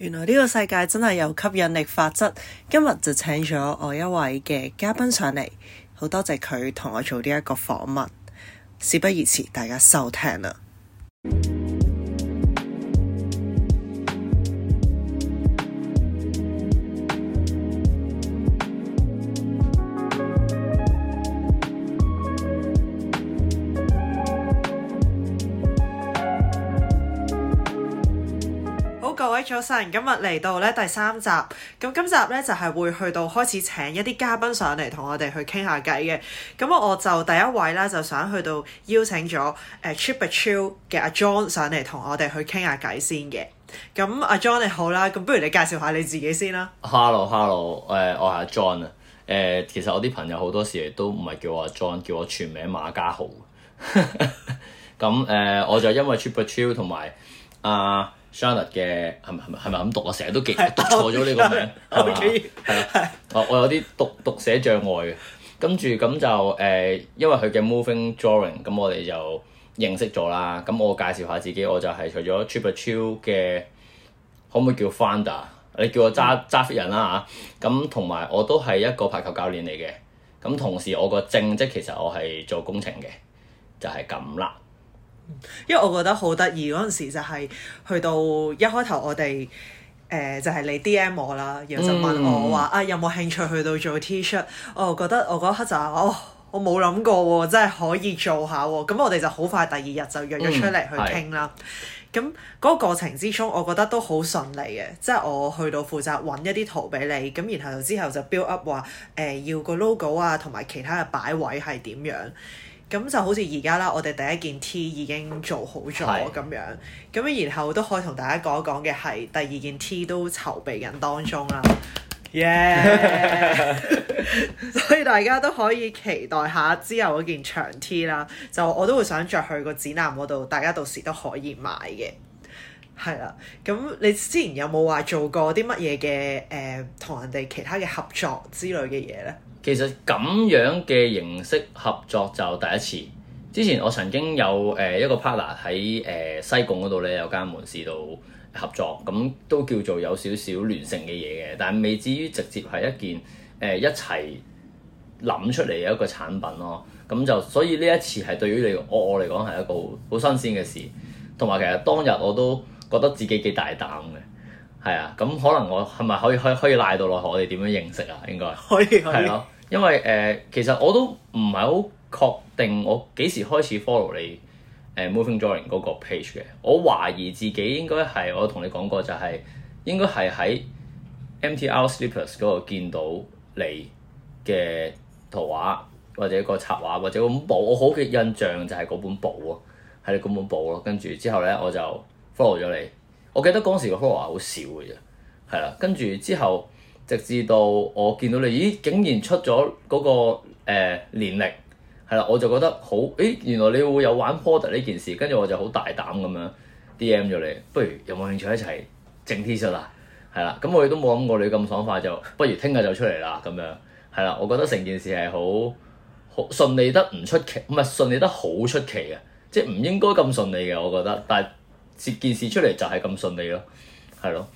原來呢個世界真係有吸引力法則，今日就請咗我一位嘅嘉賓上嚟，好多謝佢同我做呢一個訪問。事不宜遲，大家收聽啦。各位早晨，今日嚟到咧第三集，咁今集咧就係會去到開始請一啲嘉賓上嚟同我哋去傾下偈嘅，咁我就第一位啦，就想去到邀請咗誒 Cheap But Chill 嘅阿、啊、John 上嚟同我哋去傾下偈先嘅，咁、啊、阿 John 你好啦，咁不如你介紹下你自己先啦。Hello，Hello，誒，我係、啊、John 啊，誒，其實我啲朋友好多時都唔係叫我阿、啊、John，叫我全名馬家豪，咁 誒、 嗯，uh, 我就因為 Cheap But Chill 同埋啊。Uh, Shaner 嘅，係咪係咪係咪咁讀？我成日都記讀錯咗呢個名，係咪？係 啊樂， 我我有啲讀讀寫障礙嘅。跟住咁就誒、呃，因為佢嘅 moving drawing，咁我哋就認識咗啦。咁我介紹下自己，我就係除咗 Cheap But Chill 嘅，可唔可以叫 founder 你叫我揸揸飛人啦、啊、嚇。咁同埋我都係一個排球教練嚟嘅。咁同時我個正職其實我係做工程嘅，就係咁啦。因為我覺得好得意嗰陣時就係去到一開頭我哋誒、呃、就係、是、你 D M 我啦，然後就問我話、嗯、啊有冇興趣去到做 T-shirt，我覺得我嗰刻就係哦，我冇諗過喎、哦，真係可以做下喎、哦，咁我哋就好快第二日就約咗出嚟去傾啦。咁嗰、嗯、個過程之中，我覺得都好順利嘅，即、就、係、是、我去到負責揾一啲圖俾你，咁然後之後就 build up 話誒、呃、要個 logo 啊，同埋其他嘅擺位係點樣。咁就好似而家啦，我哋第一件 T 已經做好咗咁是樣，咁然後都可以同大家講一講嘅係第二件 T 都籌備緊當中啦，耶、yeah!！ 所以大家都可以期待下之後嗰件長 T 啦，就我都會想着去個展覽嗰度，大家到時都可以買嘅。係啦，咁你之前有冇話做過啲乜嘢嘅誒同人哋其他嘅合作之類嘅嘢呢？其實咁樣嘅形式合作就第一次。之前我曾經有誒、呃、一個 partner 喺誒、呃、西貢嗰度咧有間門市度合作，咁都叫做有少少聯乘嘅嘢嘅，但係未至於直接係一件誒、呃、一齊諗出嚟嘅一個產品咯。咁就所以呢一次係對於你我我嚟講係一個好新鮮嘅事，同埋其實當日我都覺得自己幾大膽嘅。係啊，咁、嗯、可能我係咪可以可以可以賴到落去我哋點樣認識啊？應該可以，係咯、啊，因為誒、呃，其實我都唔係好確定我幾時開始 follow 你誒、呃、Moving Drawing 嗰個 page 嘅。我懷疑自己應該係我同你講過就係、是、應該係喺 MTR Slippers 嗰度見到你嘅圖畫或者個插畫或者本簿，我好嘅印象就係嗰本簿啊，係你嗰本簿咯。跟住之後咧，我就 follow 咗你。我記得嗰時個 follower 好少嘅啫，係啦，跟住之後直至到我見到你，咦竟然出咗嗰、那個、呃、年曆，係啦，我就覺得好，誒原來你會有玩 porter 呢件事，跟住我就好大膽咁樣 DM 咗你，不如有冇興趣一齊整 T 恤啊？係啦，咁我亦都冇諗過你咁爽快，就不如聽日就出嚟啦咁樣，係啦，我覺得成件事係好好順利得唔出奇，唔係順利得好出奇嘅，即係唔應該咁順利嘅，我覺得，但係，件事出嚟就係咁順利咯，係咯。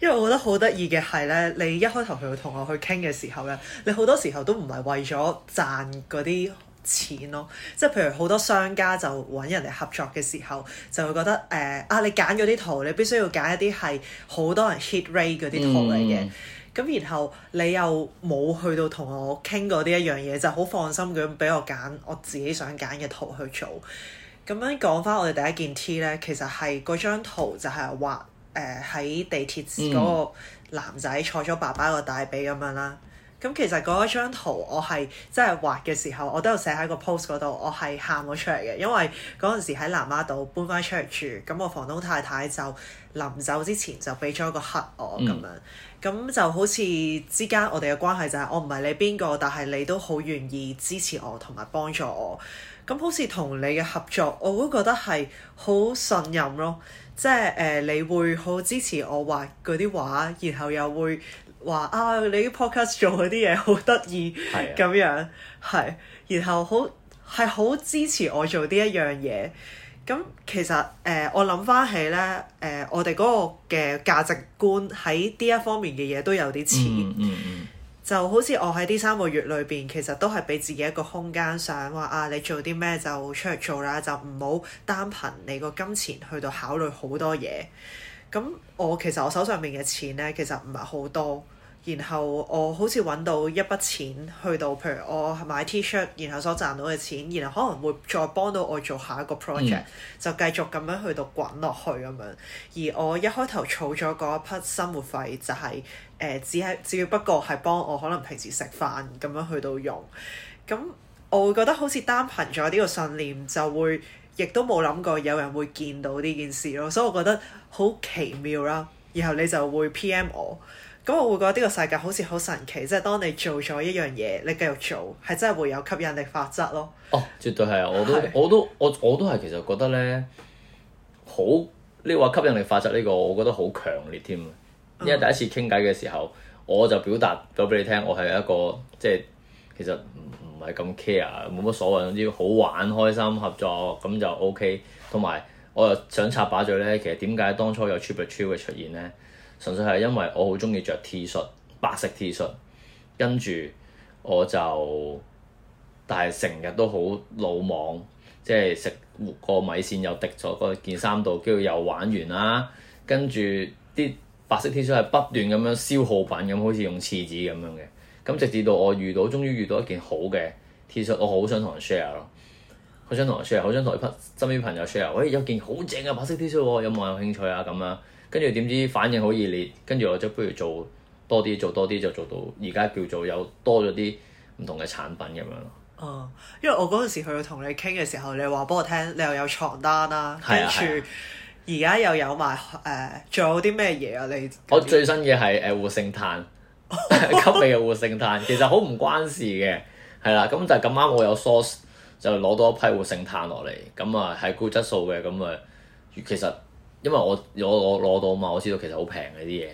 因為我覺得好得意嘅係咧，你一開頭去同我去傾嘅時候咧，你好多時候都唔係為咗賺嗰啲錢咯。即係譬如好多商家就揾人嚟合作嘅時候，就會覺得誒、呃、啊，你揀嗰啲圖，你必須要揀一啲係好多人 hit rate 嗰啲圖嚟嘅。咁、嗯、然後你又冇去到同我傾過呢一樣嘢，就好放心咁俾我揀我自己想揀嘅圖去做。咁樣講翻我哋第一件 T 咧，其實係嗰張圖就係畫誒喺、呃、地鐵嗰個男仔坐咗爸爸個大髀咁樣啦。咁、嗯、其實嗰一張圖我係即係畫嘅時候，我都有寫喺個 post 嗰度，我係喊咗出嚟嘅。因為嗰陣時喺南丫島搬翻出嚟住，咁我房東太太就臨走之前就俾咗個黑我咁樣。咁、嗯、就好似之間我哋嘅關係就係我唔係你邊個，但係你都好願意支持我同埋幫助我。咁好似同你嘅合作，我都覺得係好信任咯。即係誒、呃，你會好支持我畫嗰啲畫，然後又會話啊，你啲 podcast 做嗰啲嘢好得意咁樣，係，然後好係好支持我做呢一樣嘢。咁、嗯、其實誒、呃，我諗翻起咧，誒、呃，我哋嗰個嘅價值觀喺呢一方面嘅嘢都有啲似。嗯嗯嗯。就好似我喺呢三個月裏邊，其實都係俾自己一個空間，想話啊，你做啲咩就出去做啦，就唔好單憑你個金錢去到考慮好多嘢。咁我其實我手上面嘅錢咧，其實唔係好多。然後我好似揾到一筆錢去到，譬如我買 T-shirt，然後所賺到嘅錢，然後可能會再幫到我做下一個 project，嗯，就繼續咁樣去到滾落去咁樣。而我一開頭儲咗嗰一筆生活費就係、是。誒只係，只要不過係幫我，可能平時食飯咁樣去到用。咁我會覺得好似單憑咗呢個信念，就會亦都冇諗過有人會見到呢件事咯，所以我覺得好奇妙啦。然後你就會 PM 我，咁我會覺得呢個世界好似好神奇，即係當你做咗一樣嘢，你繼續做，係真係會有吸引力法則咯。哦，絕對係啊，我都是我都我我都係其實覺得咧，好你話吸引力法則呢個，我覺得好強烈添。因為第一次傾偈嘅時候，我就表達咗俾你聽，我係一個即係其實唔唔係咁 care，冇乜所謂，總之好玩開心合作咁就 OK。同埋我又想插把嘴咧，其實點解當初有 Cheap But Chill 嘅出現咧？純粹係因為我好中意着 T 恤，shirt，白色 T 恤，跟住我就但係成日都好魯莽，即係食個米線又滴咗嗰件衫度，跟住又玩完啦，跟住啲。白色 T 恤係不斷咁樣消耗品咁，好似用廁紙咁樣嘅。咁直至到我遇到，終於遇到一件好嘅 T 恤，我好想同人 share 咯，好想同人 share，好想同啲身邊朋友 share。喂、哎，有件好正嘅白色 T 恤喎，有冇人有，有興趣啊？咁啊，跟住點知反應好熱烈，跟住我就不如做多啲，做多啲就做到而家叫做有多咗啲唔同嘅產品咁樣咯。啊、嗯，因為我嗰陣時去同你傾嘅時候，你話俾我聽，你又有床單啦、啊，跟住、啊。而家又有埋誒，仲、呃、有啲咩嘢啊？你，我最新嘅係誒活性炭，吸味嘅活性炭，其實好唔關事嘅，係啦。咁但係咁啱我有 source，就攞到一批活性炭落嚟，咁啊係高質素嘅，咁、嗯、啊其實因為我我攞攞到啊嘛，我知道其實好平嘅啲嘢，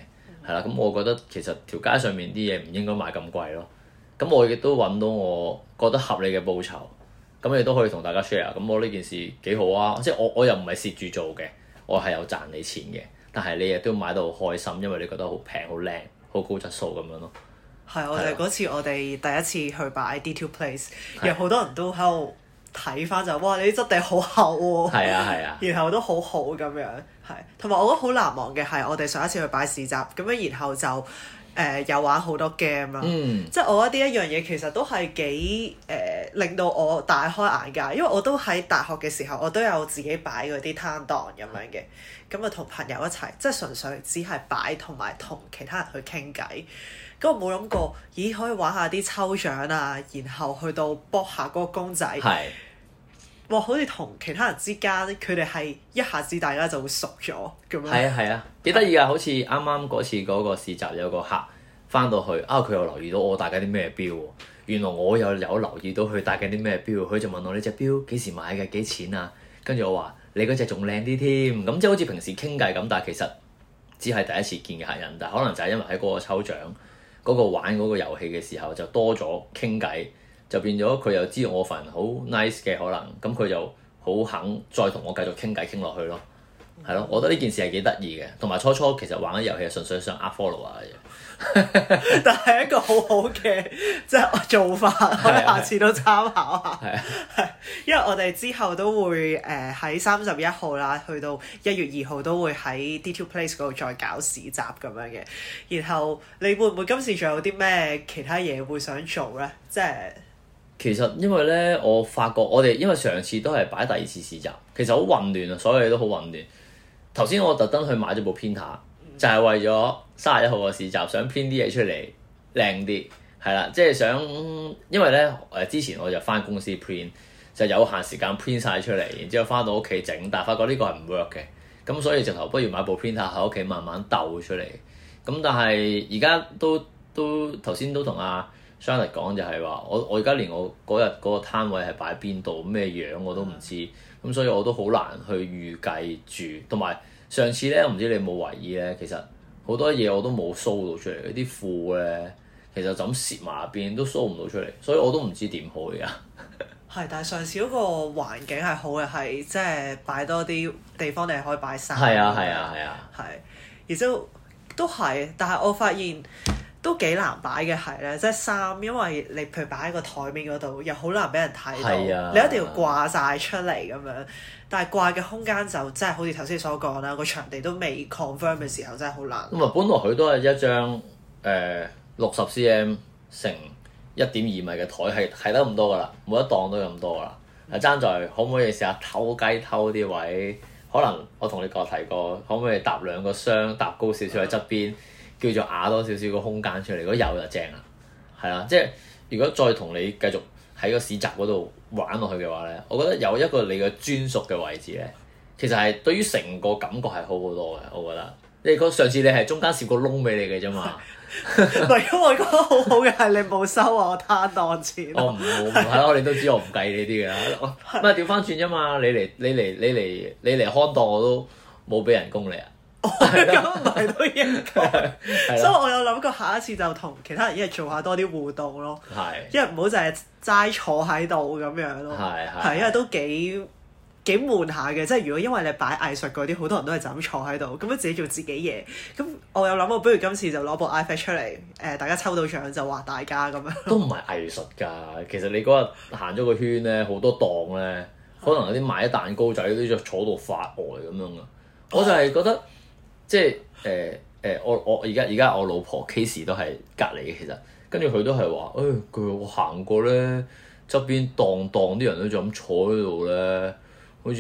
係啦。咁我覺得其實條街上面啲嘢唔應該買咁貴咯。咁我亦都揾到我覺得合理嘅報酬，咁你都可以同大家 share。咁我呢件事幾好啊！即係我我又唔係蝕住做嘅。我係有賺你錢嘅，但係你亦都買得好開心，因為你覺得好平、好靚、好高質素咁樣咯。係的，的我哋嗰次我哋第一次去擺 D2 Place，有好的多人都喺度睇返就，哇！你啲質地好厚喎，係啊，係啊，然後都好好咁樣。係，同埋我覺得好難忘嘅係我哋上一次去擺市集，咁樣然後就誒有、呃、玩好多 game 啦，嗯、即係我覺得呢一樣嘢其實都係幾誒、呃、令到我大開眼界，因為我都喺大學嘅時候我都有自己擺嗰啲攤檔咁樣嘅，咁啊同朋友一齊，即係純粹只係擺同埋同其他人去傾偈，咁我冇諗過，咦可以玩下啲抽獎啊，然後去到卜下嗰個公仔。係。哇！好似同其他人之間，佢哋係一下子大家就會熟咗咁樣。係啊係啊，幾得意啊。好似啱啱嗰次嗰個市集有個客翻到去，啊佢又留意到我戴緊啲咩表喎。原來我又有留意到佢戴緊啲咩表，佢就問我：呢隻表幾時買嘅？幾錢啊？跟住我話：你嗰隻仲靚啲添。咁、嗯、即係好似平時傾偈咁，但係其實只係第一次見嘅客人，但係可能就係因為喺嗰個抽獎嗰、嗰個玩嗰個遊戲嘅時候，就多咗傾偈。就變咗佢又知我份人好 nice 嘅可能，咁佢就好肯再同我繼續傾偈傾落去咯，係咯、嗯，我覺得呢件事係幾得意嘅，同埋初初其實玩遊戲純粹想呃 follow 啊， 但係一個好好嘅即係我做法， 我下次都參考下。係啊， 因為我哋之後都會誒喺三十一號啦，去到一月二號都會喺 D2 Place 嗰度再搞市集咁樣嘅。然後你會唔會今次仲有啲咩其他嘢會想做咧？即係～其實因為咧，我發覺我哋因為上次都係擺第二次市集，其實好混亂啊，所有嘢都好混亂。頭先我特登去買咗部 printer 就係、是、為咗三十一號個市集想編啲嘢出嚟靚啲，係啦，即係想，因為咧誒之前我就翻公司 print，就有限時間 print 曬出嚟，然之後翻到屋企整，但係發覺呢個係唔 work 嘅，咁所以直頭不如買部 printer 喺屋企慢慢鬥出嚟。咁但係而家都都頭先都同阿、啊。相嚟講就係話，我我而家連我嗰日嗰個攤位係擺邊度、咩樣我都唔知，咁所以我都好難去預計住。同埋上次咧，我唔知你有冇懷疑咧，其實好多嘢我都冇 show 到出嚟，啲褲咧其實就咁蝕埋入邊都 show 唔到出嚟，所以我都唔知點好而家。係， 但係上次嗰個環境係好嘅，係即係擺多啲地方定係可以擺衫。係啊，係啊，係啊。係，而就都係，但係我發現。都幾難擺嘅係咧，即係衫，因為你譬如擺喺個台面嗰度，又好難俾人睇到。係啊，你一定要掛晒出嚟咁樣，但係掛嘅空間就真係好似頭先所講啦，個場地都未 confirm 嘅時候，真係好難。咁啊，本來佢都係一張誒六十 cm 乘一點二米嘅台，係係得咁多噶啦，冇一檔都咁多噶啦。啊，爭在可唔可以試下偷雞偷啲位？可能我同你個提過，可唔可以搭兩個箱，搭高少少喺側邊？嗯叫做矮多少少個空間出嚟，如果有就正啦，係啊，即係如果再同你繼續喺個市集嗰度玩落去嘅話咧，我覺得有一個你嘅專屬嘅位置咧，其實係對於成個感覺係好好多嘅，我覺得。你個上次你係中間攝個窿俾你嘅啫嘛，因為我覺得好好嘅係你冇收我攤檔錢。我唔係咯，你都知我唔計呢啲嘅。唔係調翻轉啫嘛，你嚟你嚟你嚟你嚟看檔我都冇俾人工你啊。我咁唔係都應該， 的所以我有諗過下一次就同其他人一齊做下多啲互動咯，的因為唔好淨係齋坐喺度咁樣咯，係因為都幾幾悶下嘅，即係如果因為你擺藝術嗰啲，好多人都係就咁坐喺度，咁樣自己做自己嘢。咁我有諗過，不如今次就攞部 iPad 出嚟，誒大家抽到獎就話大家咁樣。都唔係藝術㗎，其實你嗰日行咗個圈咧，好多檔咧，可能有啲賣蛋糕仔都坐到發呆咁樣㗎。我就係覺得。 即係誒誒，我我而家而家我老婆 case 都係隔籬嘅，其實跟住佢都係話誒，佢、哎、我行過咧側邊檔檔啲人都仲咁坐喺度咧，好似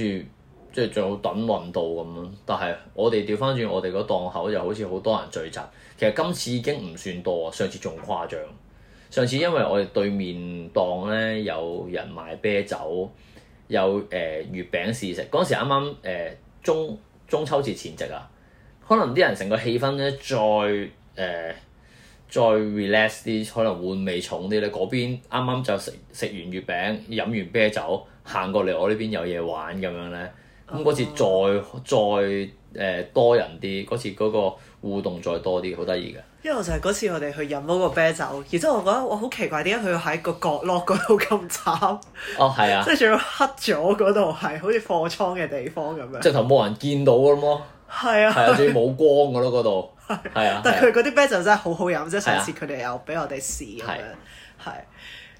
即係仲有等運到咁樣。但係我哋調翻轉我哋個檔口又好似好多人聚集，其實今次已經唔算多啊。上次仲誇張，上次因為我哋對面檔咧有人賣啤酒，有誒、呃、月餅試食嗰陣時啱啱誒中中秋節前夕啊。可能啲人成個氣氛咧，再誒、呃，再 relax 啲，可能換味重啲咧。嗰邊啱啱就食食完月餅，飲完啤酒，行過嚟我呢邊有嘢玩咁樣咧。咁嗰次再再誒、呃、多人啲，嗰次嗰個互動再多啲，好得意嘅。因為就係嗰次我哋去飲嗰個啤酒，然之後我覺得我好奇怪點解佢喺個角落嗰度咁慘。哦，係啊。即係仲要黑咗嗰度，係好似貨倉嘅地方咁樣。即係頭冇人見到㗎嘛？係啊，啲冇光嘅咯嗰度，係啊，但係佢嗰啲啤酒真係好好飲，即係上次佢哋又俾我哋試咁樣，係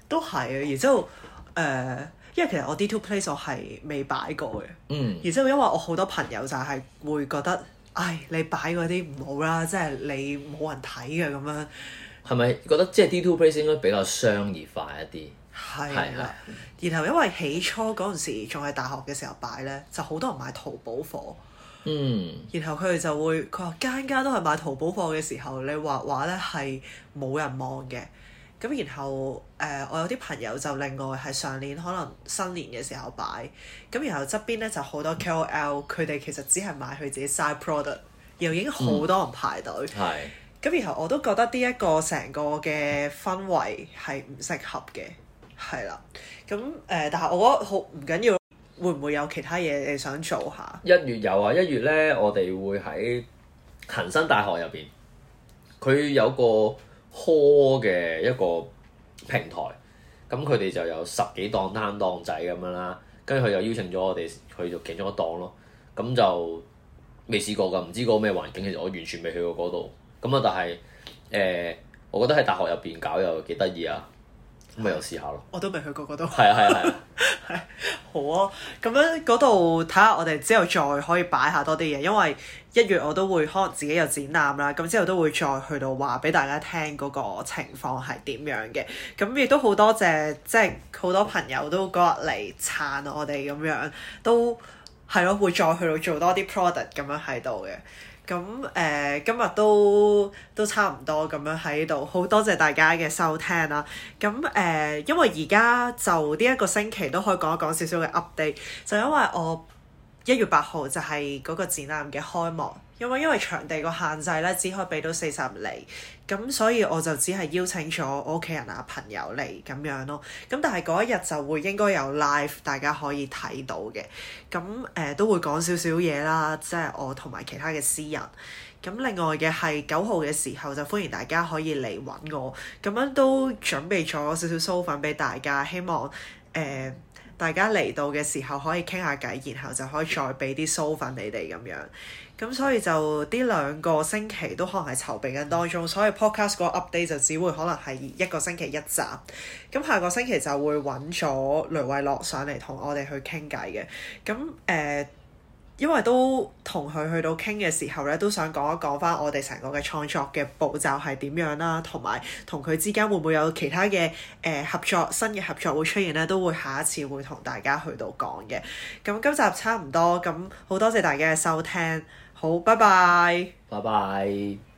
都係啊。然之後誒，因為其實我 D two place 我係未擺過嘅，嗯，然之後因為我好多朋友就係會覺得，唉，你擺嗰啲唔好啦，即係你冇人睇嘅咁樣。係咪覺得即係 D two place 應該比較商業化一啲？係啦。然後因為起初嗰陣時仲喺大學嘅時候擺咧，就好多人買淘寶貨。嗯，然後佢哋就會佢話間間都係買淘寶貨嘅時候，你畫畫咧係冇人望嘅。咁然後誒、呃、我有啲朋友就另外係上年可能新年嘅時候擺，咁然後側邊咧就好多 KOL，佢哋其實只係買佢自己新 product，然後已經好多人排隊，係咁、嗯、然後我都覺得呢一個成個嘅氛圍係唔適合嘅，係、嗯、啦。咁誒是、嗯嗯嗯、但係我覺得好唔緊要。會唔會有其他嘢誒想做下一？一月有啊，一月咧我哋會喺恒生大學入邊，佢有個科嘅一個平台，咁佢哋就有十幾檔攤檔仔咁樣啦，跟住佢就邀請咗我哋去做其中一檔咯，咁就未試過噶，唔知個咩環境，其實我完全未去過嗰度，咁啊但係誒、呃，我覺得喺大學入邊搞又幾得意啊！咁咪又試下咯！嗯、我都未去過，我都係啊，係啊，係啊，係好啊！咁樣嗰度睇下，我哋之後再可以擺下多啲嘢，因為一月我都會可能自己有展覽啦。咁之後都會再去到話俾大家聽嗰個情況係點樣嘅。咁亦都好多謝，即係好多朋友都嗰日嚟撐我哋咁樣，都係咯，會再去到做多啲 product 咁樣喺度嘅。咁誒、呃、今日都，都差唔多咁樣喺度，好多謝大家嘅收聽啦、啊。咁誒、呃，因為而家就呢一個星期都可以講一講少少嘅 update，就因為我一月八號就係嗰個展覽嘅開幕。因為因為場地個限制咧，只可以俾到四十人，咁所以我就只係邀請咗我屋企人啊朋友嚟咁樣咯。咁但係嗰一日就會應該有 live，大家可以睇到嘅。咁誒、呃、都會講少少嘢啦，即係我同埋其他嘅私人。咁另外嘅係九號嘅時候就歡迎大家可以嚟揾我，咁樣都準備咗少少酥粉俾大家，希望誒。呃大家嚟到嘅時候可以傾下偈，然後就可以再俾啲酥粉你哋咁樣。咁所以就呢兩個星期都可能係籌備緊當中，所以 podcast 個 update 就只會可能係一個星期一集。咁下個星期就會揾咗雷慧樂上嚟同我哋去傾偈嘅。咁誒。Uh, 因為都同佢去到傾嘅時候咧，都想講一講返我哋成個嘅創作嘅步驟係點樣啦，啊，同埋同佢之間會唔會有其他嘅誒、呃、合作，新嘅合作會出現咧，都會下一次會同大家去到講嘅。咁今集差唔多，咁好多謝大家嘅收聽。好，拜拜。拜拜。